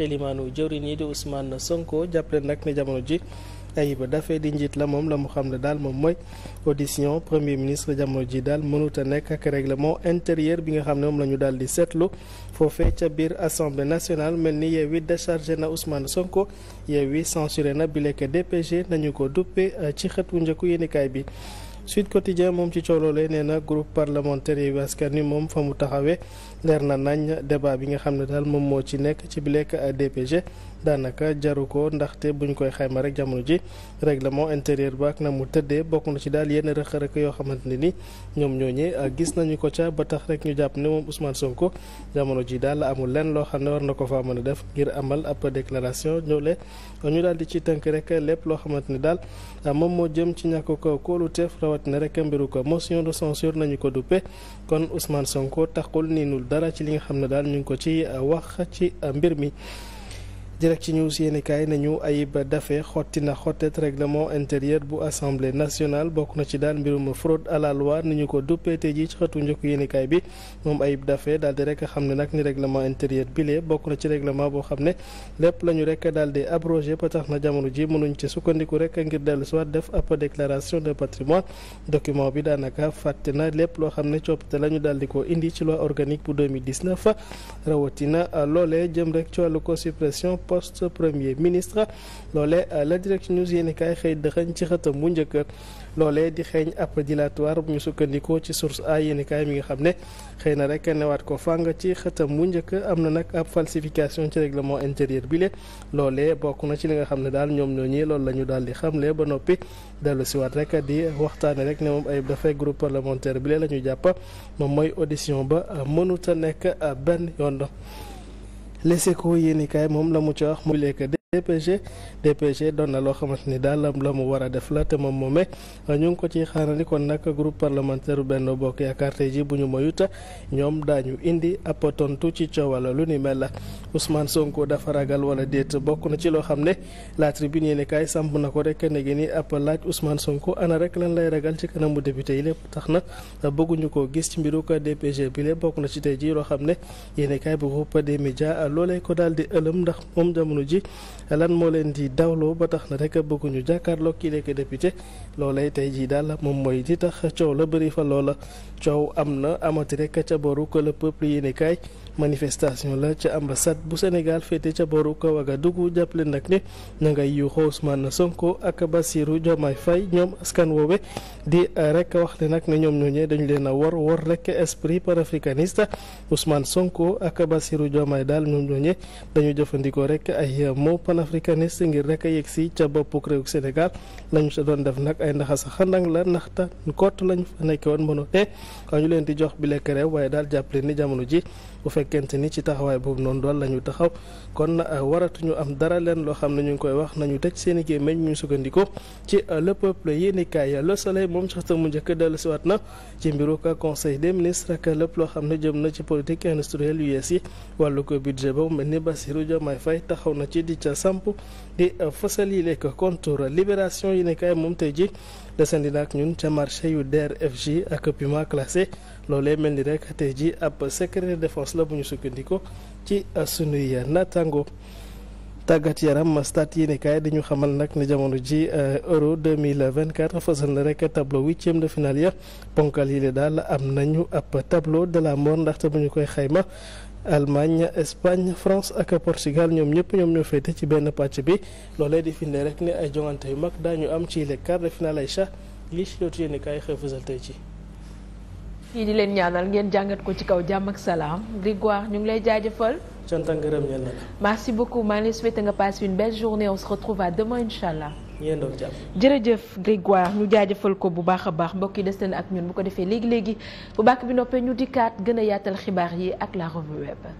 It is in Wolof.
ca limaanu jëwriñ yi di Ousmane Sonko jàppale nag ne jamono ji Ayiba Daffé di njiit la moom la mu xam ne daal moom mooy audition premier ministre jamono ji daal mënut a nekk ak règlement intérieur bi nga xam ne moom la ñu daal di seetlu foofee ca biir assemblée nationale mel ni Yewwi déchargé na Ousmane Sonko Yewwi censuré na bi lekk DPG nañu ko duppe euh, ci xët wu njëkku yéenekaay bi Sud Quotidien moom ci coow loolee nee na groupe parlementaire Yewwi Askan moom fa mu taxawee leer na nañ débat bi nga xam ne daal moom moo ci nekk ci bi lekk DPG daanaka jaru ko ndaxte buñ koy xayma rek jamono ji règlement intérieur ba ak na mu tëddee bokk na daal yenn rëq-rëq yoo xamante ne ni ñoom ñooñee ah, gis nañu ko ca ba tax rek ñu jàpp ne moom Ousmane Sonko jamono ji daal amul lenn loo xam ne war na ko faa mën a def ngir amal ab déclaration ñëwle ñu daal di ci tënk rek lépp loo xamante ne daal ah, jëm ci ñàkk ko kóolu teef rawat rawatina rek mbiru ko motion de censure nañu ko duppe kon Ousmane Sonko ni niinul dara ci li nga xam ne daal ñu ko ci euh, wax ci euh, mbir mi. direct ci news yéenekaay nañu Ayib Daffé xotti na xottet règlement intérieur bu assemblée nationale bokk na ci daal mbirum fraude à la loi ni ñu ko duppeete ji ci xëtu njëkk yéenekaay bi moom Ayib Daffé daal di rek xam ne nag ni règlement intérieur bi lee bokk na ci règlement boo xam ne lépp la ñu rek daal di abrogé ba tax na jamono ji mënuñ ci sukkandiku rek ngir dellu soit def ab déclaration de patrimoine document bi daanaka fàtte na lépp loo xam ne coppite la ñu daal di ko indi ci loi organique bu 2019 rawatina loolee jëm rek ci wàllu ko poste premier ministre loolee euh, la direct news yéeni kaay xëy dëxañ ci xëtam bu njëkk loolee di xeeñ ab dilatoire bu ñu sukkandikoo ci source a yéeni mi nga xam ne xëy na rek waat ko fàng ci xëtam bu njëkk am na nag ab falsification ci règlement intérieur bi le loolee bokk na ci li nga xam ne daal ñoom ñooñi loolu la ñu daal di xamle ba noppi dellu siwaat rek di waxtaane rek ne moom ayib dafay groupe parlementaire bi le la ñu moom mooy audition ba euh, mënuta nekk euh, benn yoon Les ko yéenekaay moom la mu ca wax mu lekk DPG DPG doon na loo xamante ni daal la mu war a def la te moom moomee ñu ngi ko ci xaarandi kon nag groupe parlementaire benn Bokk Yaakaar tey ji bu ñu moyut ñoom daañu indi ab tontu ci coowal lu ni mel la Ousmane Sonko dafa ragal wala déet bokk na ci loo xam ne la tribune yéen kaay samp na ko rek ne gi ni ab laaj Ousmane Sonko ana rek lan lay ragal ci kanamu député yi lépp tax na bëgguñu koo gis ci mbiru ko DPG bi lépp bokk na ci tey ji loo xam ne yéen kaay bu groupe des médias loolee ko daal di ëlëm ndax moom jamono ji lan moo leen di dawloo ba tax na rek bëgguñu jàkkaarloo kii nekk loo loolee tey jii daal moom mooy di tax coow la bëri fa loola coow am na amati rek ca boru que le peuple yéene kaay manifestation la ca ambassade bu Sénégal féete ca booru ko Ouagadougou jàppale nag ne na ngay yuuxoo Ousmane Sonko ak Bassirou Diomaye fay ñoom askan woowe di rek wax ne nag ne ñoom ñooñee dañu leen a wor wor rek esprit panafricaniste Ousmane Sonko ak Bassirou Diomaye daal ñoom ñooñee dañu jëfandikoo rek ay mots panafricaniste ngir rek yegg si ca boppu réewu Sénégal lañu sa doon def nag ay ndaxa sa xandang la ndaxta kott lañu fa nekke woon mënoo te ñu leen di jox bi lekk réew waaye daal jàppale ni jamono ji bu fekkente ni ci taxawaay boobu noonu doon la ñu taxaw kon euh, waratuñu am dara leen loo xam ne ñu ngi koy wax nañu tëj seen i gémmiñ ñu sukkandiku ci euh, le peuple yéenekaay Le Soleil moom sax ta mu njëkk dellusiwaat na ci mbiru ka conseil des ministres ak lépp loo xam ne jëm na ci politique industrielle yu yees yi wàllu ko budget ba mu mel ni Bassirou Diomaye Faye taxaw na ci di ca samp di euh, fësal yi lekk contour libération yéenekaay moom tey ji desandi na ak ñun ca marché yu DRFJ ak Puma classé loolee mel ni rek tey ji ab secret défense Cross la bu ñu sukkandiko ci euh, sunuy naataango tàggat yaram stade yéenekaay dañu xamal nag ne jamono ji euh, euro 2024 fësal na rek tableau huitième de finale ya ponkal yi le daal am na nañu ab tableau de la mort ndaxte bu ñu koy xayma Allemagne Espagne France ak Portugal ñoom ñëpp ñoom ñoo féete ci benn pàcc bi loolee di firnde rek ne ay jongante yu mag daañu am ci les quarts de finale ay chat lii ci yootu yéenekaay xëy tey ci kii di leen ñaanal ngeen jàngat ko ci kaw jàmm ak salaam Grégoire ñu ngi lay jaajëfal. cant ak ngërëm ñeel na merci beaucoup maa ngi lay souhaité nga passe une belle journée on se retrouve à demain incha allah. jërëjëf Grégoire ñu jaajëfal ko bu baax a baax mbokk yi des leen ak ñun bu ko defee léegi léegi bu bàkk bi noppee ñu dikkaat gën a yaatal xibaar yi ak la revue web.